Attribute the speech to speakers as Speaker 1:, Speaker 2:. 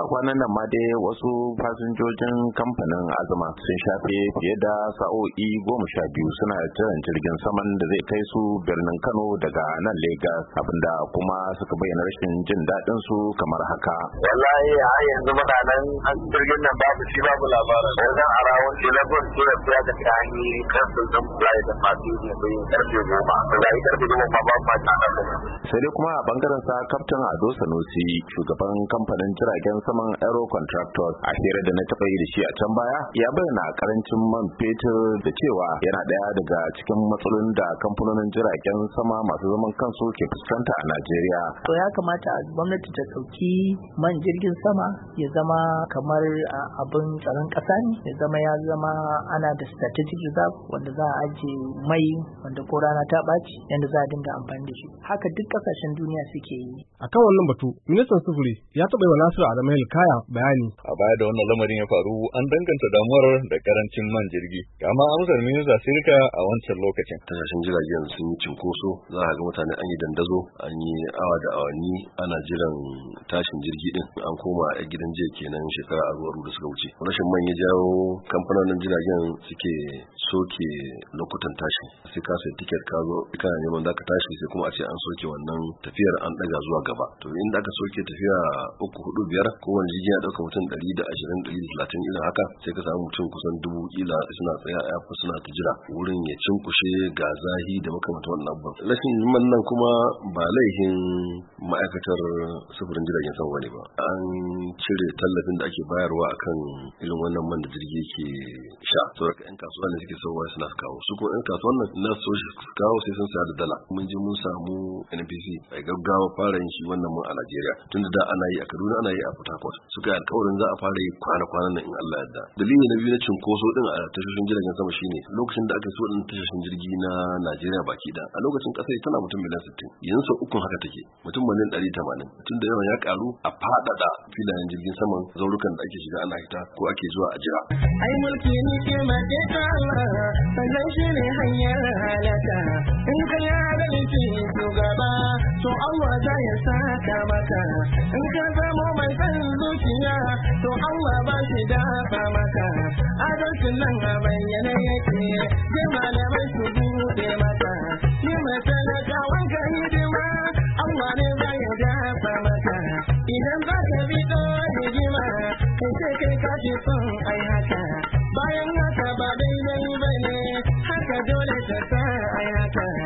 Speaker 1: a kwanan nan ma dai wasu fasinjojin kamfanin azuma sun shafe fiye da sa'o'i goma sha biyu suna jiran jirgin saman da zai kai su birnin kano daga nan lagos abinda kuma suka bayyana rashin jin daɗin su kamar haka
Speaker 2: wallahi a yanzu mutanen jirgin nan babu shi babu labarin wajen a rawun Lagos, na gwamnati tura tura da ta hanyi su don fulani da fasinjoji sun yi karfe goma da yi karfe goma ba, ba ba ta
Speaker 1: sai dai kuma a bangaren sa kaftin ado sanusi shugaban kamfanin jiragen saman Aero Contractors a hira da na taɓa yi da shi a can baya ya bayyana karancin man fetur da cewa yana ɗaya daga cikin matsalolin da kamfanonin jiragen sama masu zaman kansu ke fuskanta a Najeriya. To ya kamata gwamnati ta ɗauki man jirgin sama ya zama kamar abin tsaron ƙasa ne ya zama ya zama ana da strategic reserve wanda za a ajiye mai wanda ko rana ta ɓaci yadda za a dinga amfani da shi haka duk ƙasashen duniya suke yi.
Speaker 2: A kan wannan batu ministan sufuri ya taɓa yi wa Nasiru Adamu
Speaker 3: kaya bayani. A baya da wannan lamarin ya faru an danganta damuwar da karancin man jirgi. Kama amsar minista Sirka a wancan lokacin. Tashashin jiragen sun yi cinkoso za a ga mutane an yi dandazo an yi awa da awanni ana jiran tashin jirgi din an koma a gidan jiya kenan shekara aru da suka wuce. Rashin man ya jawo kamfanonin jiragen suke soke lokutan tashi sai ka sai tiket ka zo kana neman za ka tashi sai kuma a ce an soke wannan tafiyar an ɗaga zuwa gaba to inda aka soke tafiya uku hudu biyar ko kowane jirgin ya ɗauka mutum ɗari da ashirin ɗari da talatin irin haka sai ka samu mutum kusan dubu ila suna tsaya a yafi suna ta jira wurin ya cinkushe ga zahi da makamata wannan abubuwan Lashin yiman nan kuma ba laihin ma'aikatar sufurin jiragen sama ne ba an cire tallafin da ake bayarwa akan irin wannan man da jirgi ke sha to daga yan kasuwa ne suke sowa suna kawo su ko yan kasuwa nan na so shi su kawo sai sun sayar da dala mun ji mun samu NPC a gaggawa fara yin shi wannan mun a Najeriya tun da ana yi a Kaduna ana yi a Port Harcourt suka alƙawarin za a fara yi kwana-kwanan nan in Allah yarda dalili na biyu na cinkoso din a tashoshin jiragen sama shine lokacin da aka so din tashoshin jirgi na Najeriya baki da a lokacin kasar tana mutum miliyan 60 yanzu sau uku haka take mutum miliyan 180 tun da yawan ya karu a faɗaɗa filayen jirgin saman zaurukan da ake shiga ana hita ko ake zuwa a jira
Speaker 2: ai mulki ne hikima ce ta Allah sannan hanyar halata. in ka yi adalci shugaba to Allah za yi saka maka in ka zamo mai san zuciya to Allah ba shi dafa maka adalcin nan a bayyana yake sai malamai su bude maka ni da talakawan ka hidima Allah ne ba ya dafa maka idan ba ka bi don hidima kai sai kai ka fi son ai haka Thank you.